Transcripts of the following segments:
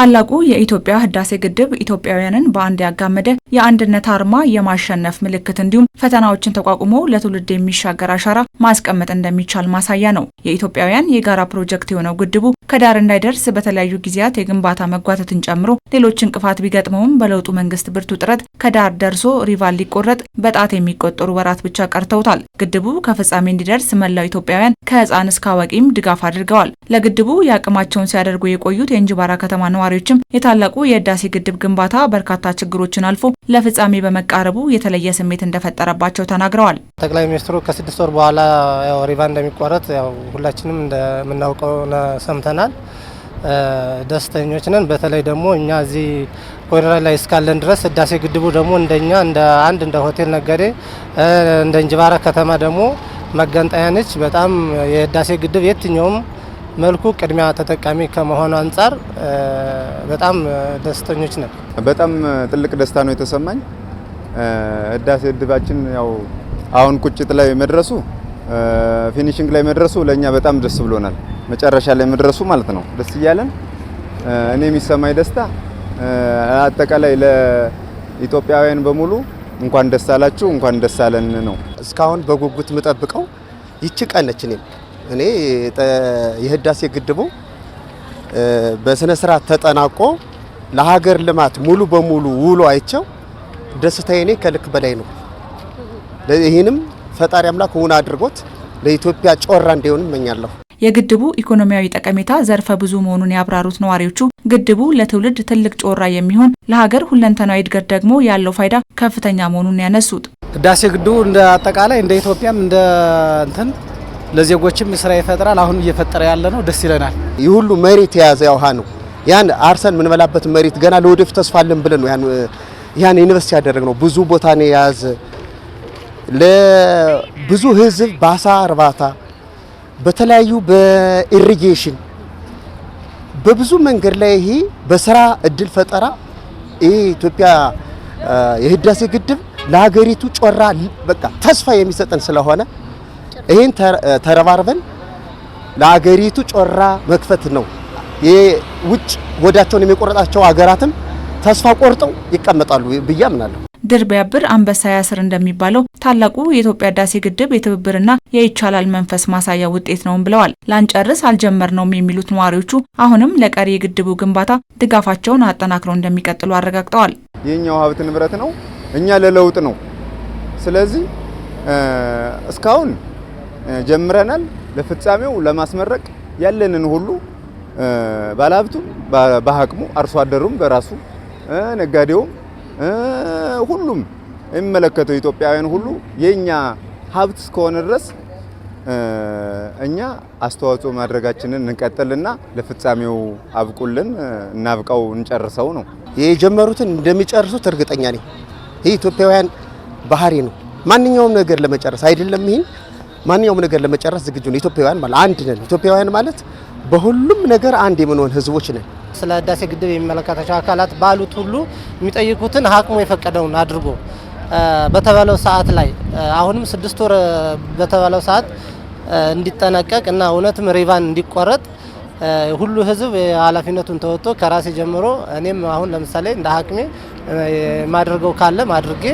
ታላቁ የኢትዮጵያ ህዳሴ ግድብ ኢትዮጵያውያንን በአንድ ያጋመደ የአንድነት አርማ፣ የማሸነፍ ምልክት እንዲሁም ፈተናዎችን ተቋቁሞ ለትውልድ የሚሻገር አሻራ ማስቀመጥ እንደሚቻል ማሳያ ነው። የኢትዮጵያውያን የጋራ ፕሮጀክት የሆነው ግድቡ ከዳር እንዳይደርስ በተለያዩ ጊዜያት የግንባታ መጓተትን ጨምሮ ሌሎች እንቅፋት ቢገጥመውም በለውጡ መንግስት ብርቱ ጥረት ከዳር ደርሶ ሪቫል ሊቆረጥ በጣት የሚቆጠሩ ወራት ብቻ ቀርተውታል። ግድቡ ከፍጻሜ እንዲደርስ መላው ኢትዮጵያውያን ከህፃን እስከ አዋቂም ድጋፍ አድርገዋል። ለግድቡ የአቅማቸውን ሲያደርጉ የቆዩት የእንጅባራ ከተማ ነዋሪዎችም የታላቁ የህዳሴ ግድብ ግንባታ በርካታ ችግሮችን አልፎ ለፍጻሜ በመቃረቡ የተለየ ስሜት እንደፈጠረባቸው ተናግረዋል። ጠቅላይ ሚኒስትሩ ከስድስት ወር በኋላ ያው ሪቫ እንደሚቋረጥ ያው ሁላችንም እንደምናውቀው ሰምተናል። ደስተኞች ነን። በተለይ ደግሞ እኛ እዚህ ኮሪደር ላይ እስካለን ድረስ ህዳሴ ግድቡ ደግሞ እንደኛ እንደ አንድ እንደ ሆቴል ነጋዴ እንደ እንጅባራ ከተማ ደግሞ መገንጠያ ነች። በጣም የህዳሴ ግድብ የትኛውም መልኩ ቅድሚያ ተጠቃሚ ከመሆኑ አንጻር በጣም ደስተኞች ነን። በጣም ትልቅ ደስታ ነው የተሰማኝ ህዳሴ ግድባችን ያው አሁን ቁጭት ላይ መድረሱ ፊኒሽንግ ላይ መድረሱ ለኛ በጣም ደስ ብሎናል። መጨረሻ ላይ መድረሱ ማለት ነው ደስ እያለን እኔ የሚሰማኝ ደስታ አጠቃላይ ለኢትዮጵያውያን በሙሉ እንኳን ደስ አላችሁ እንኳን ደስ አለን ነው። እስካሁን በጉጉት የምጠብቀው ይቺ ቀን ነች። እኔም እኔ የህዳሴ ግድቡ በስነ ስርዓት ተጠናቆ ለሀገር ልማት ሙሉ በሙሉ ውሎ አይቸው ደስታዬ እኔ ከልክ በላይ ነው። ይህንም ፈጣሪ አምላክ እውን አድርጎት ለኢትዮጵያ ጮራ እንዲሆን እመኛለሁ። የግድቡ ኢኮኖሚያዊ ጠቀሜታ ዘርፈ ብዙ መሆኑን ያብራሩት ነዋሪዎቹ ግድቡ ለትውልድ ትልቅ ጮራ የሚሆን ለሀገር ሁለንተናዊ እድገት ደግሞ ያለው ፋይዳ ከፍተኛ መሆኑን ያነሱት ህዳሴ ግድቡ እንደ አጠቃላይ እንደ ኢትዮጵያም እንደ እንትን ለዜጎችም ስራ ይፈጥራል። አሁን እየፈጠረ ያለ ነው። ደስ ይለናል። ይህ ሁሉ መሬት የያዘ ውሃ ነው። ያን አርሰን የምንበላበት መሬት ገና ለወደፊት ተስፋ አለን ብለን ነው ያን ኢንቨስት ያደረግ ነው። ብዙ ቦታ ነው የያዘ ለብዙ ህዝብ በአሳ እርባታ በተለያዩ በኢሪጌሽን በብዙ መንገድ ላይ ይሄ በስራ እድል ፈጠራ ይሄ ኢትዮጵያ የህዳሴ ግድብ ለሀገሪቱ ጮራ በቃ ተስፋ የሚሰጠን ስለሆነ ይህን ተረባርበን ለሀገሪቱ ጮራ መክፈት ነው። የውጭ ወዳቸውን የሚቆረጣቸው ሀገራትም ተስፋ ቆርጠው ይቀመጣሉ ብዬ አምናለሁ። ድር ቢያብር አንበሳ ያስር እንደሚባለው ታላቁ የኢትዮጵያ ህዳሴ ግድብ የትብብርና የይቻላል መንፈስ ማሳያ ውጤት ነውም ብለዋል። ላንጨርስ አልጀመርነውም የሚሉት ነዋሪዎቹ አሁንም ለቀሪ የግድቡ ግንባታ ድጋፋቸውን አጠናክረው እንደሚቀጥሉ አረጋግጠዋል። ይህኛው ሀብት ንብረት ነው፣ እኛ ለለውጥ ነው። ስለዚህ እስካሁን ጀምረናል። ለፍጻሜው ለማስመረቅ ያለንን ሁሉ ባለሀብቱም በአቅሙ አርሶ አደሩም በራሱ ነጋዴውም ሁሉም የሚመለከተው ኢትዮጵያውያን ሁሉ የኛ ሀብት እስከሆነ ድረስ እኛ አስተዋጽኦ ማድረጋችንን እንቀጥልና ለፍጻሜው አብቁልን፣ እናብቃው፣ እንጨርሰው ነው። የጀመሩትን እንደሚጨርሱት እርግጠኛ ነኝ። ይህ ኢትዮጵያውያን ባህሪ ነው። ማንኛውም ነገር ለመጨረስ አይደለም፣ ይህን ማንኛውም ነገር ለመጨረስ ዝግጁ ነው። ኢትዮጵያውያን ማለት አንድ ነን። ኢትዮጵያውያን ማለት በሁሉም ነገር አንድ የምንሆን ህዝቦች ነን። ስለ ህዳሴ ግድብ የሚመለከታቸው አካላት ባሉት ሁሉ የሚጠይቁትን አቅሙ የፈቀደውን አድርጎ በተባለው ሰዓት ላይ አሁንም ስድስት ወር በተባለው ሰዓት እንዲጠናቀቅ እና እውነትም ሪቫን እንዲቆረጥ ሁሉ ህዝብ ኃላፊነቱን ተወጥቶ ከራሴ ጀምሮ እኔም አሁን ለምሳሌ እንደ ሀቅሜ የማደርገው ካለም አድርጌ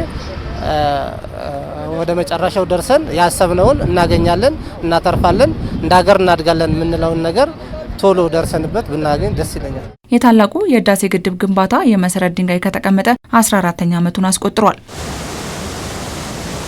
ወደ መጨረሻው ደርሰን ያሰብነውን እናገኛለን፣ እናተርፋለን፣ እንደ ሀገር እናድጋለን የምንለውን ነገር ቶሎ ደርሰንበት ብናገኝ ደስ ይለኛል። የታላቁ የህዳሴ ግድብ ግንባታ የመሰረት ድንጋይ ከተቀመጠ 14ኛ ዓመቱን አስቆጥሯል።